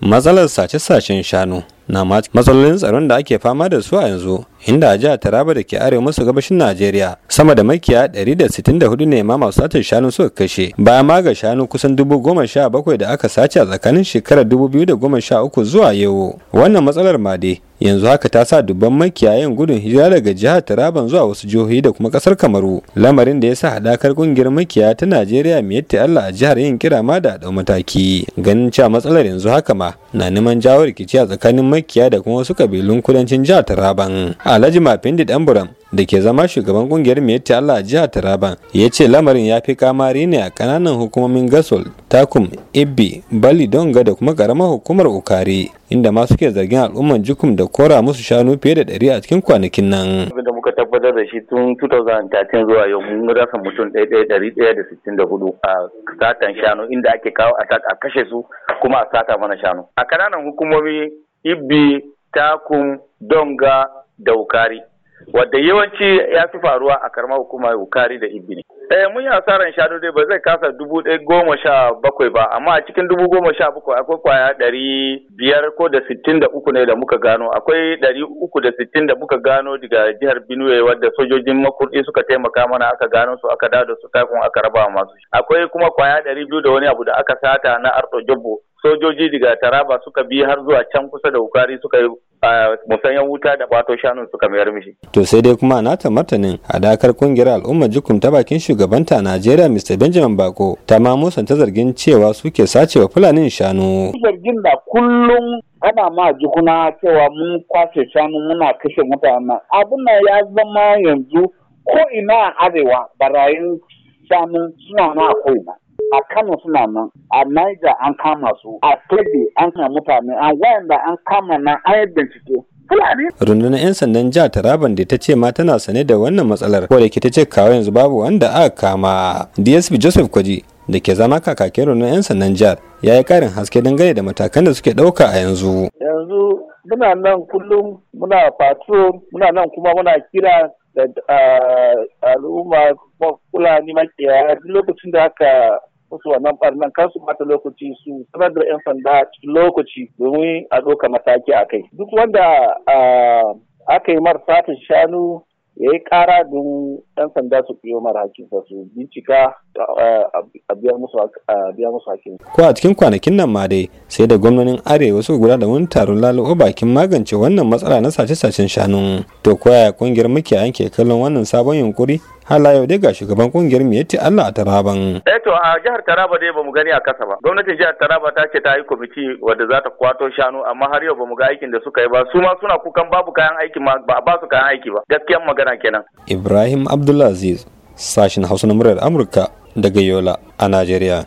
matsalar sace-sacen shanu na matsalolin tsaron da ake fama da su a yanzu inda a jihar Taraba da ke arewa maso gabashin Najeriya sama da makiya 164 ne ma masu satar shanu suka kashe bayan maga shanu kusan 17,000 da aka sace a tsakanin shekarar 2013 zuwa yau wannan matsalar ma dai yanzu haka ta sa dubban makiya yin gudun hijira daga jihar Taraban zuwa wasu jihohi da kuma kasar Kamaru lamarin da ya sa hadakar kungiyar makiya ta Najeriya mai yadda Allah a jihar yin kira ma da dau mataki ganin cewa matsalar yanzu haka ma na neman jawo rikici a tsakanin makiya da kuma wasu kabilun kudancin jihar Taraban Alhaji Mafindi Danburam da ke zama shugaban kungiyar Miyetti Allah a jihar Taraba ya ce lamarin ya fi kamari ne a kananan hukumomin Gasol, Takum, Ibbi, Bali Donga da kuma karamar hukumar Ukari inda ma suke zargin al'umman Jukum da kora musu shanu fiye da ɗari a cikin kwanakin nan. Abin da muka tabbatar da shi tun 2013 zuwa yau mun rasa mutum hudu a satan shanu inda ake kawo a kashe su kuma a sata mana shanu. A kananan hukumomi Ibbi, Takum, Donga, da wukari wadda yawanci ya fi faruwa a karma hukumar wukari da ibini eh mun yi asaran shanu dai ba zai kasa dubu ɗaya goma sha bakwai ba amma a cikin dubu goma sha bakwai akwai kwaya ɗari biyar ko da sittin da uku ne da muka gano akwai ɗari uku da sittin da muka gano daga jihar benue wadda sojojin makurɗi suka taimaka mana aka gano su aka da su takun aka raba masu akwai kuma kwaya ɗari biyu da wani abu da aka sata na arɗo jobbo sojoji daga taraba suka bi har zuwa can kusa da wukari suka yi musanyen wuta da bato shanun suka mayar mishi. To sai dai kuma na ta martanin hadakar kungiyar al'umma jikun ta bakin shugabanta Najeriya Mr. Benjamin Bako ta ma musanta zargin cewa suke sacewa Fulanin shanu. Zargin da kullum ana ma jikuna cewa mun kwashe shanu muna kashe mutane abin nan ya zama yanzu ko ina arewa barayin shanu suna na ko'ina. a Kano suna nan, a Niger an kama su, a Kebbi an kama mutane, a wayanda an kama na an yi bincike. Rundunar 'yan sandan jihar Taraban da ta ce ma tana sane da wannan matsalar, ko da ke ta ce kawo yanzu babu wanda aka kama. DSP Joseph Kwaji da ke zama kakakin rundunar 'yan sandan jihar ya yi karin haske gane da matakan da suke ɗauka a yanzu. Yanzu muna nan kullum muna patrol muna nan kuma muna kira da ah, al'umma fulani makiyaya duk lokacin da aka su wannan barnan kan su mata lokaci su sanar da 'yan sanda cikin lokaci domin a ɗauka mataki a kai duk wanda ah, aka yi marasa satin shanu ya yi ƙara don 'yan sanda su biyo mara hakinsa su bincika a biya musu hakin. Ko a cikin kwanakin nan ma dai sai da gwamnanin arewa su guda da wani taron lalubo bakin magance wannan matsala na sace-sacen shanu. To koya kungiyar makiyayan yanke kallon wannan sabon yunkuri hala yau dai ga shugaban kungiyar me yace Allah a Taraban. Eh to a jihar Taraba dai bamu gani a kasa ba. Gwamnatin jihar Taraba ta ce ta yi kwamiti wadda za ta kwato shanu amma har yau bamu ga aikin da suka yi ba. Su ma suna kukan babu kayan aiki ma ba ba su kayan aiki ba. Gaskiyan magana kenan. Ibrahim Abdul Abdulaziz, sashin Hausa na muryar Amurka daga Yola a Najeriya.